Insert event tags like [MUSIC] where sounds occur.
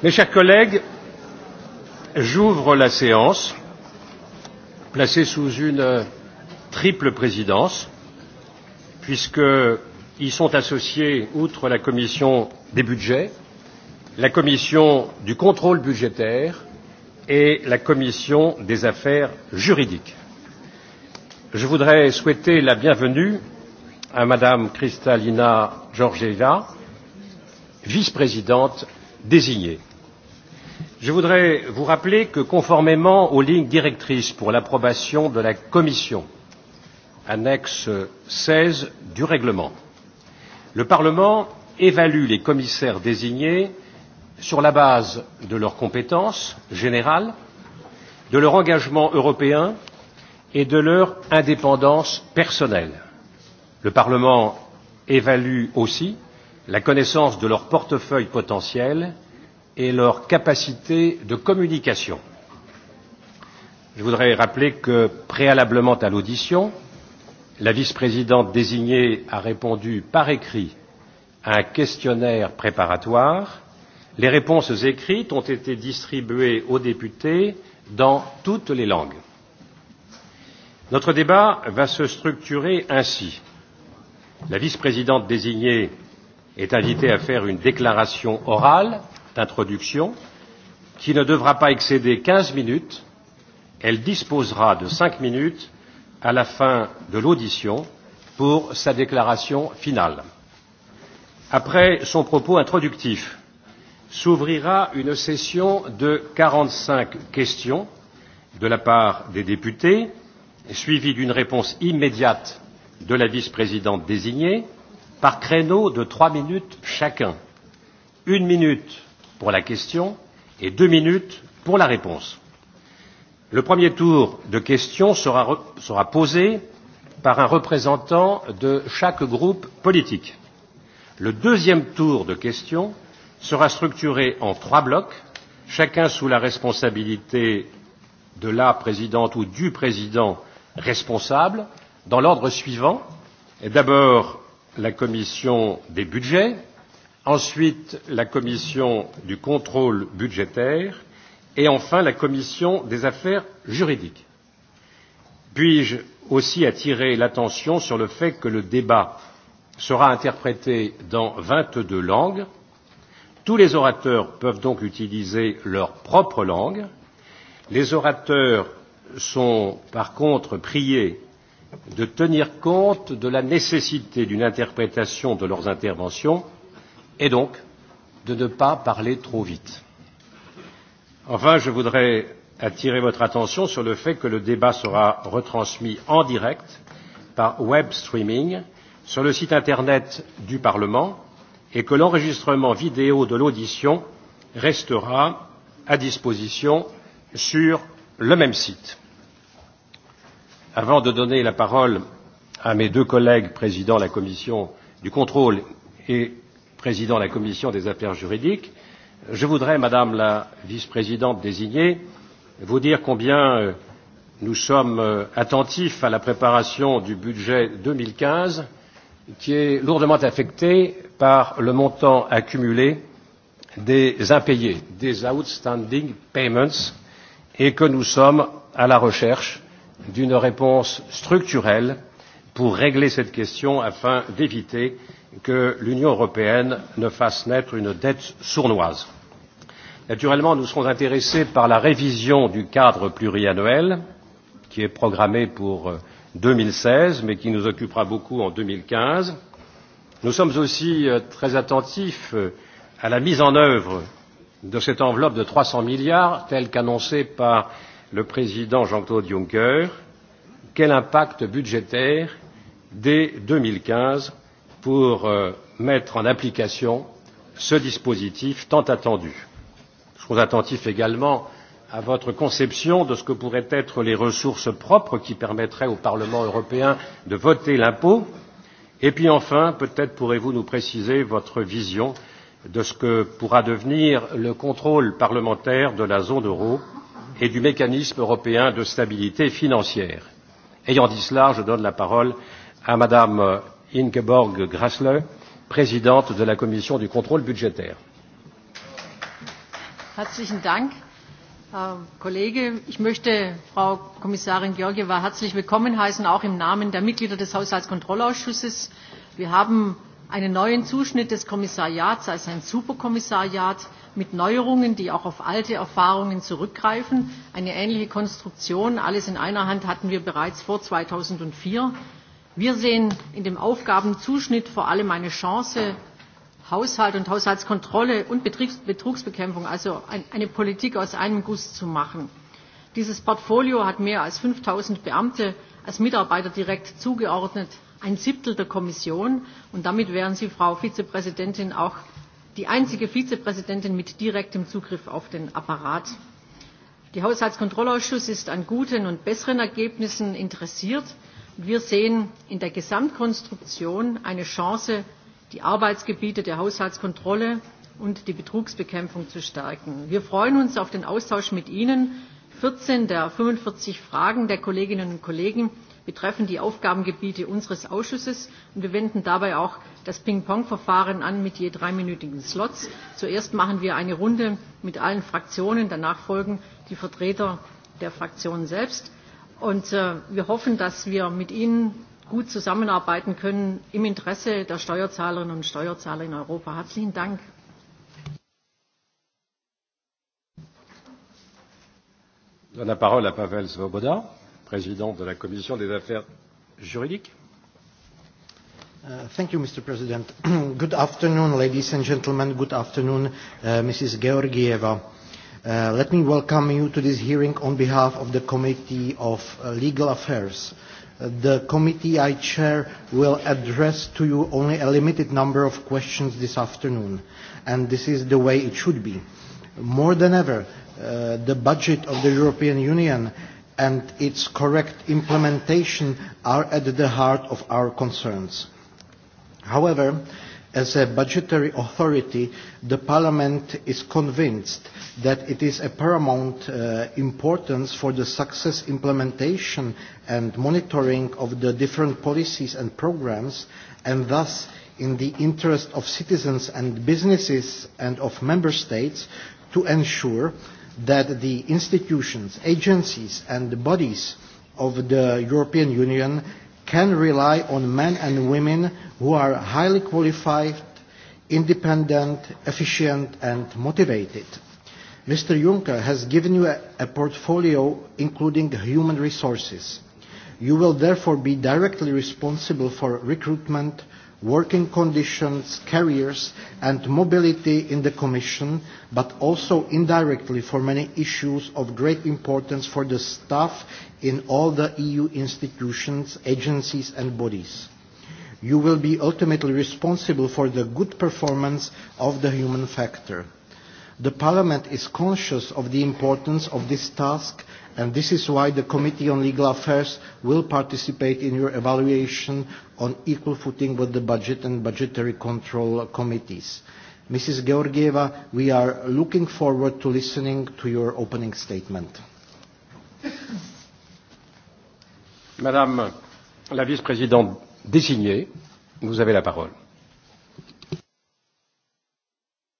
Mes chers collègues, j'ouvre la séance placée sous une triple présidence puisqu'ils sont associés, outre la commission des budgets, la commission du contrôle budgétaire et la commission des affaires juridiques. Je voudrais souhaiter la bienvenue à Madame Kristalina Georgieva, vice-présidente désignée. Je voudrais vous rappeler que, conformément aux lignes directrices pour l'approbation de la Commission, annexe 16 du règlement, le Parlement évalue les commissaires désignés sur la base de leurs compétences générales, de leur engagement européen et de leur indépendance personnelle. Le Parlement évalue aussi la connaissance de leur portefeuille potentiel et leur capacité de communication. Je voudrais rappeler que, préalablement à l'audition, la vice-présidente désignée a répondu par écrit à un questionnaire préparatoire. Les réponses écrites ont été distribuées aux députés dans toutes les langues. Notre débat va se structurer ainsi. La vice-présidente désignée est invitée à faire une déclaration orale d'introduction, qui ne devra pas excéder 15 minutes. Elle disposera de 5 minutes à la fin de l'audition pour sa déclaration finale. Après son propos introductif, s'ouvrira une session de 45 questions de la part des députés, suivie d'une réponse immédiate de la vice-présidente désignée, par créneau de trois minutes chacun. Une minute pour la question et deux minutes pour la réponse. Le premier tour de questions sera, sera posé par un représentant de chaque groupe politique. Le deuxième tour de questions sera structuré en trois blocs, chacun sous la responsabilité de la présidente ou du président responsable, dans l'ordre suivant. D'abord, la commission des budgets, ensuite la commission du contrôle budgétaire et enfin la commission des affaires juridiques. Puis-je aussi attirer l'attention sur le fait que le débat sera interprété dans 22 langues. Tous les orateurs peuvent donc utiliser leur propre langue. Les orateurs sont par contre priés de tenir compte de la nécessité d'une interprétation de leurs interventions et donc de ne pas parler trop vite. Enfin, je voudrais attirer votre attention sur le fait que le débat sera retransmis en direct par web streaming sur le site internet du Parlement et que l'enregistrement vidéo de l'audition restera à disposition sur le même site. Avant de donner la parole à mes deux collègues présidents de la commission du contrôle et président de la commission des affaires juridiques. Je voudrais, Madame la vice-présidente désignée, vous dire combien euh, nous sommes euh, attentifs à la préparation du budget 2015 qui est lourdement affecté par le montant accumulé des impayés, des outstanding payments, et que nous sommes à la recherche d'une réponse structurelle pour régler cette question afin d'éviter que l'Union européenne ne fasse naître une dette sournoise. Naturellement, nous serons intéressés par la révision du cadre pluriannuel qui est programmé pour 2016 euh, mais qui nous occupera beaucoup en 2015. Nous sommes aussi euh, très attentifs euh, à la mise en œuvre de cette enveloppe de 300 milliards telle qu'annoncée par le président Jean-Claude Juncker. Quel impact budgétaire dès deux mille quinze pour euh, mettre en application ce dispositif tant attendu. Je suis attentif également à votre conception de ce que pourraient être les ressources propres qui permettraient au Parlement européen de voter l'impôt. Et puis enfin, peut-être pourrez-vous nous préciser votre vision de ce que pourra devenir le contrôle parlementaire de la zone euro et du mécanisme européen de stabilité financière. Ayant dit cela, je donne la parole à Madame euh, Ingeborg Grasle, présidente de la Commission du contrôle budgétaire. Herzlichen Dank, Herr äh, Kollege. Ich möchte Frau Kommissarin Georgieva herzlich willkommen heißen, auch im Namen der Mitglieder des Haushaltskontrollausschusses. Wir haben einen neuen Zuschnitt des Kommissariats als ein Superkommissariat mit Neuerungen, die auch auf alte Erfahrungen zurückgreifen. Eine ähnliche Konstruktion, alles in einer Hand, hatten wir bereits vor 2004. Wir sehen in dem Aufgabenzuschnitt vor allem eine Chance, Haushalt und Haushaltskontrolle und Betriebs Betrugsbekämpfung, also ein, eine Politik aus einem Guss zu machen. Dieses Portfolio hat mehr als 5000 Beamte als Mitarbeiter direkt zugeordnet, ein Siebtel der Kommission und damit wären Sie, Frau Vizepräsidentin, auch die einzige Vizepräsidentin mit direktem Zugriff auf den Apparat. Der Haushaltskontrollausschuss ist an guten und besseren Ergebnissen interessiert. Wir sehen in der Gesamtkonstruktion eine Chance, die Arbeitsgebiete der Haushaltskontrolle und die Betrugsbekämpfung zu stärken. Wir freuen uns auf den Austausch mit Ihnen. 14 der 45 Fragen der Kolleginnen und Kollegen betreffen die Aufgabengebiete unseres Ausschusses und wir wenden dabei auch das Ping-Pong-Verfahren an mit je dreiminütigen Slots. Zuerst machen wir eine Runde mit allen Fraktionen, danach folgen die Vertreter der Fraktionen selbst. Und äh, wir hoffen, dass wir mit Ihnen gut zusammenarbeiten können im Interesse der Steuerzahlerinnen und Steuerzahler in Europa. Herzlichen Dank. donne la parole à Pavel Svoboda, président de la Commission des affaires juridiques. Uh, thank you, Mr. President. [CLEARS THROAT] good afternoon, ladies and gentlemen. Good afternoon, uh, Mrs. Georgieva. Uh, let me welcome you to this hearing on behalf of the Committee of uh, Legal Affairs. Uh, the committee I chair will address to you only a limited number of questions this afternoon, and this is the way it should be. More than ever, uh, the budget of the European Union and its correct implementation are at the heart of our concerns. However, As a budgetary authority, the Parliament is convinced that it is a paramount uh, importance for the success implementation and monitoring of the different policies and programs, and thus in the interest of citizens and businesses and of member states to ensure that the institutions, agencies and bodies of the European Union can rely on men and women who are highly qualified, independent, efficient and motivated. Mr. Juncker has given you a, a portfolio including human resources. You will therefore be directly responsible for recruitment, working conditions, careers and mobility in the Commission, but also indirectly for many issues of great importance for the staff in all the EU institutions, agencies and bodies. You will be ultimately responsible for the good performance of the human factor. The Parliament is conscious of the importance of this task and this is why the Committee on Legal Affairs will participate in your evaluation on equal footing with the Budget and Budgetary Control Committees. Mrs. Georgieva, we are looking forward to listening to your opening statement. Madame la vice-présidente désignée, vous avez la parole.